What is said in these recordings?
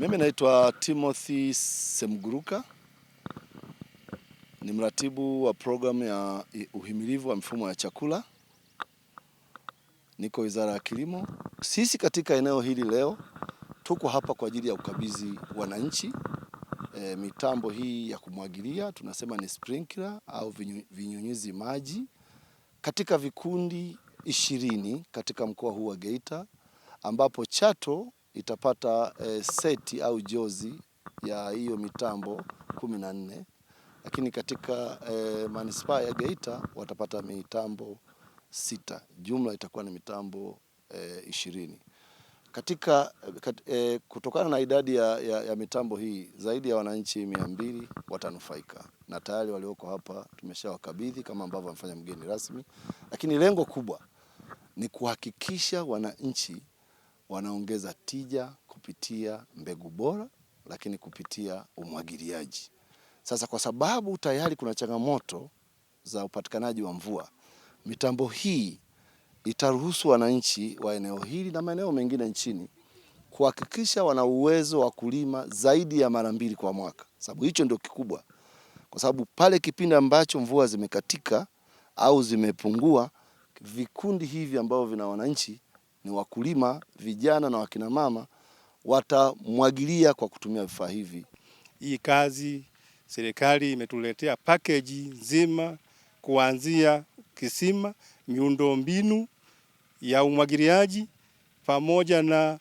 Mimi naitwa Timothy Semguruka, ni mratibu wa programu ya uhimilivu wa mifumo ya chakula, niko Wizara ya Kilimo. Sisi katika eneo hili leo tuko hapa kwa ajili ya ukabizi wananchi e, mitambo hii ya kumwagilia, tunasema ni sprinkler au vinyunyizi maji katika vikundi ishirini katika mkoa huu wa Geita ambapo Chato itapata e, seti au jozi ya hiyo mitambo kumi na nne, lakini katika e, manispaa ya Geita watapata mitambo sita, jumla itakuwa ni mitambo e, ishirini. Katika kat, e, kutokana na idadi ya, ya, ya mitambo hii zaidi ya wananchi mia mbili watanufaika na tayari walioko hapa tumeshawakabidhi kama ambavyo amefanya mgeni rasmi, lakini lengo kubwa ni kuhakikisha wananchi wanaongeza tija kupitia mbegu bora, lakini kupitia umwagiliaji. Sasa kwa sababu tayari kuna changamoto za upatikanaji wa mvua, mitambo hii itaruhusu wananchi wa eneo hili na maeneo mengine nchini kuhakikisha wana uwezo wa kulima zaidi ya mara mbili kwa mwaka, sababu hicho ndio kikubwa, kwa sababu pale kipindi ambacho mvua zimekatika au zimepungua, vikundi hivi ambavyo vina wananchi ni wakulima vijana na wakinamama watamwagilia kwa kutumia vifaa hivi. Hii kazi serikali imetuletea pakeji nzima kuanzia kisima, miundombinu ya umwagiliaji pamoja na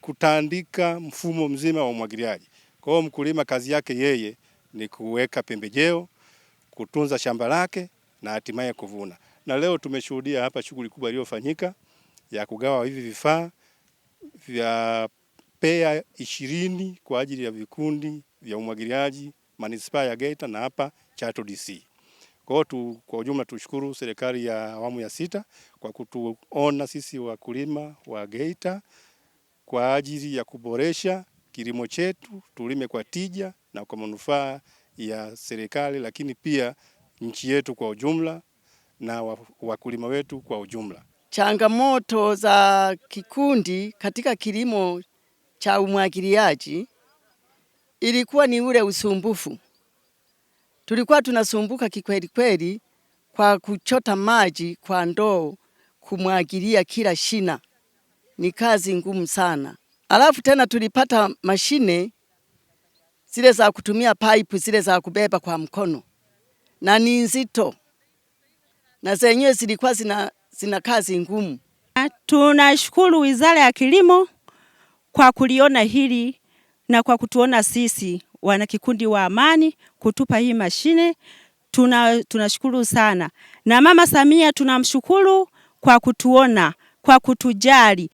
kutandika mfumo mzima wa umwagiliaji. Kwa hiyo mkulima kazi yake yeye ni kuweka pembejeo, kutunza shamba lake na hatimaye kuvuna. Na leo tumeshuhudia hapa shughuli kubwa iliyofanyika ya kugawa hivi vifaa vya pea ishirini kwa ajili ya vikundi vya umwagiliaji manispaa ya Geita na hapa Chato DC. Kwa hiyo tu kwa ujumla tushukuru serikali ya awamu ya sita kwa kutuona sisi wakulima wa Geita kwa ajili ya kuboresha kilimo chetu, tulime kwa tija na kwa manufaa ya serikali, lakini pia nchi yetu kwa ujumla na wakulima wetu kwa ujumla. Changamoto za kikundi katika kilimo cha umwagiliaji ilikuwa ni ule usumbufu. Tulikuwa tunasumbuka kikweli kweli kwa kuchota maji kwa ndoo kumwagilia kila shina, ni kazi ngumu sana. Alafu tena tulipata mashine zile za kutumia pipe zile za kubeba kwa mkono, na ni nzito, na zenyewe zilikuwa zina zina kazi ngumu. Tunashukuru Wizara ya Kilimo kwa kuliona hili na kwa kutuona sisi wanakikundi wa Amani kutupa hii mashine. Tuna, tunashukuru sana na Mama Samia tunamshukuru kwa kutuona, kwa kutujali.